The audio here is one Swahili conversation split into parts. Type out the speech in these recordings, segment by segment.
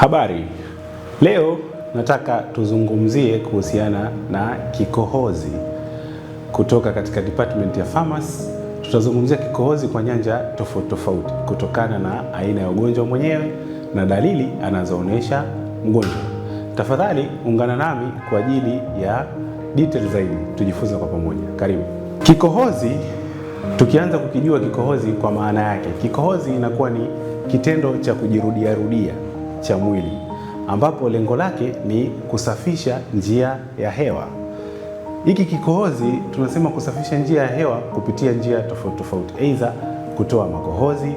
Habari. Leo nataka tuzungumzie kuhusiana na kikohozi kutoka katika department ya pharmacy. Tutazungumzia kikohozi kwa nyanja tofauti tofauti kutokana na aina ya ugonjwa mwenyewe na dalili anazoonyesha mgonjwa. Tafadhali ungana nami kwa ajili ya detail zaidi, tujifunze kwa pamoja. Karibu. Kikohozi, tukianza kukijua kikohozi kwa maana yake, kikohozi inakuwa ni kitendo cha kujirudiarudia cha mwili ambapo lengo lake ni kusafisha njia ya hewa. Hiki kikohozi tunasema kusafisha njia ya hewa kupitia njia tofauti tofauti, aidha kutoa makohozi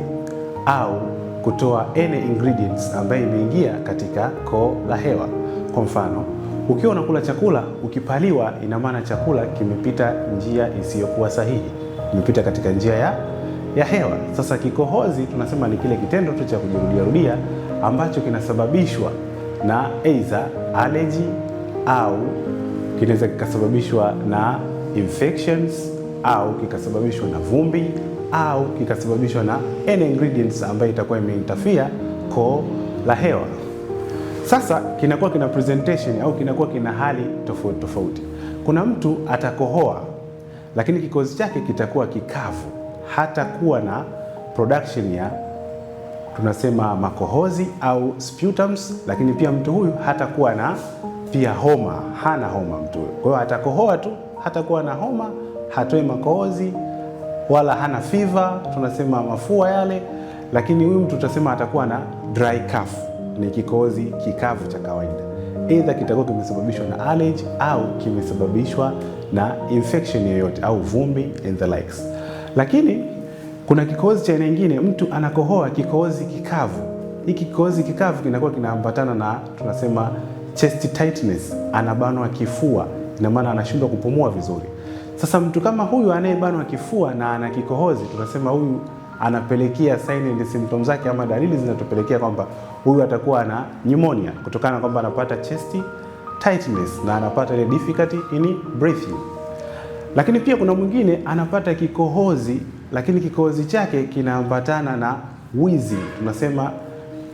au kutoa any ingredients ambayo imeingia katika koo la hewa. Kwa mfano, ukiwa unakula chakula ukipaliwa, ina maana chakula kimepita njia isiyokuwa sahihi, kimepita katika njia ya, ya hewa. Sasa kikohozi tunasema ni kile kitendo tu cha kujirudiarudia ambacho kinasababishwa na aidha allergy au kinaweza kikasababishwa na infections au kikasababishwa na vumbi au kikasababishwa na any ingredients ambayo itakuwa imeinterfere koo la hewa. Sasa kinakuwa kina presentation au kinakuwa kina hali tofauti tofauti. Kuna mtu atakohoa, lakini kikozi chake kitakuwa kikavu, hatakuwa na production ya tunasema makohozi au sputums, lakini pia mtu huyu hatakuwa na pia homa, hana homa mtu huyu. Kwa hiyo atakohoa tu, hatakuwa na homa, hatoe makohozi wala hana fiva, tunasema mafua yale. Lakini huyu mtu tutasema atakuwa na dry cough, ni kikohozi kikavu cha kawaida, aidha kitakuwa kimesababishwa na allergy au kimesababishwa na infection yoyote au vumbi and the likes, lakini kuna kikohozi cha aina nyingine, mtu anakohoa kikohozi kikavu. Hiki kikohozi kikavu kinakuwa kinaambatana na tunasema chest tightness, anabanwa kifua, ina maana anashindwa kupumua vizuri. Sasa mtu kama huyu anayebanwa kifua na ana kikohozi, tunasema huyu anapelekea sign and symptoms zake ama dalili zinatupelekea kwamba huyu atakuwa na pneumonia kutokana na kwamba anapata chest tightness na anapata ile difficulty in breathing. Lakini pia kuna mwingine anapata kikohozi lakini kikohozi chake kinaambatana na wizi, tunasema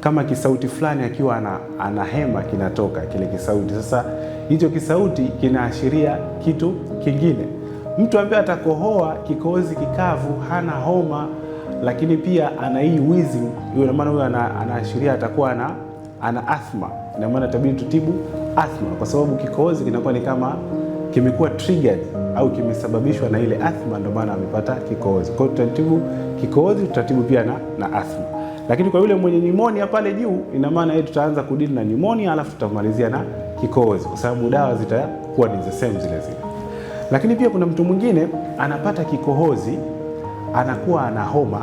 kama kisauti fulani akiwa ana, ana hema kinatoka kile kisauti. Sasa hicho kisauti kinaashiria kitu kingine. Mtu ambaye atakohoa kikohozi kikavu, hana homa, lakini pia ana hii wizi, ina maana huyo anaashiria atakuwa ana, ana athma. Ina maana itabidi tutibu athma, kwa sababu kikohozi kinakuwa ni kama kimekuwa triggered au kimesababishwa na ile athma, ndio maana amepata kikohozi. Kwa hiyo tutatibu kikohozi, tutatibu pia na, na athma. Lakini kwa yule mwenye pneumonia pale juu, ina maana yeye tutaanza kudili na pneumonia alafu tutamalizia na kikohozi, kwa sababu dawa zitakuwa ni the same zile zile. Lakini pia kuna mtu mwingine anapata kikohozi, anakuwa ana homa,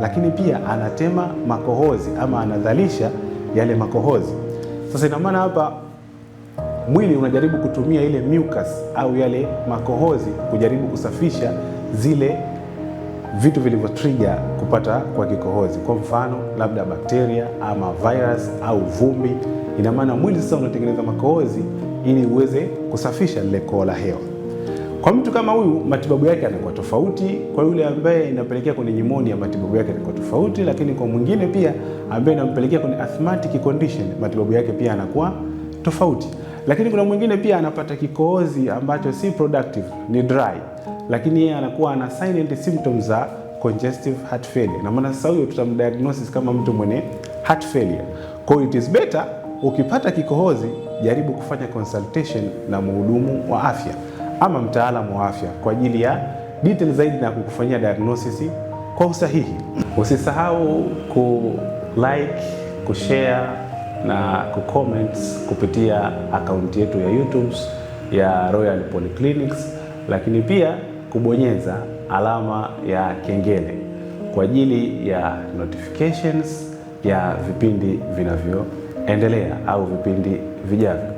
lakini pia anatema makohozi ama anadhalisha yale makohozi. Sasa ina maana hapa mwili unajaribu kutumia ile mucus au yale makohozi kujaribu kusafisha zile vitu trigger kupata kwa kikohozi, kwa mfano labda bakteria ama virus au vumbi. Ina maana mwili sasa unatengeneza makohozi ili uweze kusafisha lile koo la hewa. Kwa mtu kama huyu matibabu yake yanakuwa tofauti. Kwa yule ambaye inapelekea kwenye pneumonia, matibabu yake yanakuwa tofauti, lakini kwa mwingine pia ambaye inampelekea kwenye asthmatic condition, matibabu yake pia yanakuwa tofauti. Lakini kuna mwingine pia anapata kikohozi ambacho si productive, ni dry, lakini yeye anakuwa ana silent symptoms za congestive heart failure, na maana sasa huyo tutamdiagnosis kama mtu mwenye heart failure. Kwa hiyo it is better ukipata kikohozi, jaribu kufanya consultation na mhudumu wa afya ama mtaalamu wa afya kwa ajili ya detail zaidi na kukufanyia diagnosis kwa usahihi. Usisahau ku like, kushare na kucomment kupitia akaunti yetu ya YouTube ya Royal Polyclinics, lakini pia kubonyeza alama ya kengele kwa ajili ya notifications ya vipindi vinavyoendelea au vipindi vijavyo.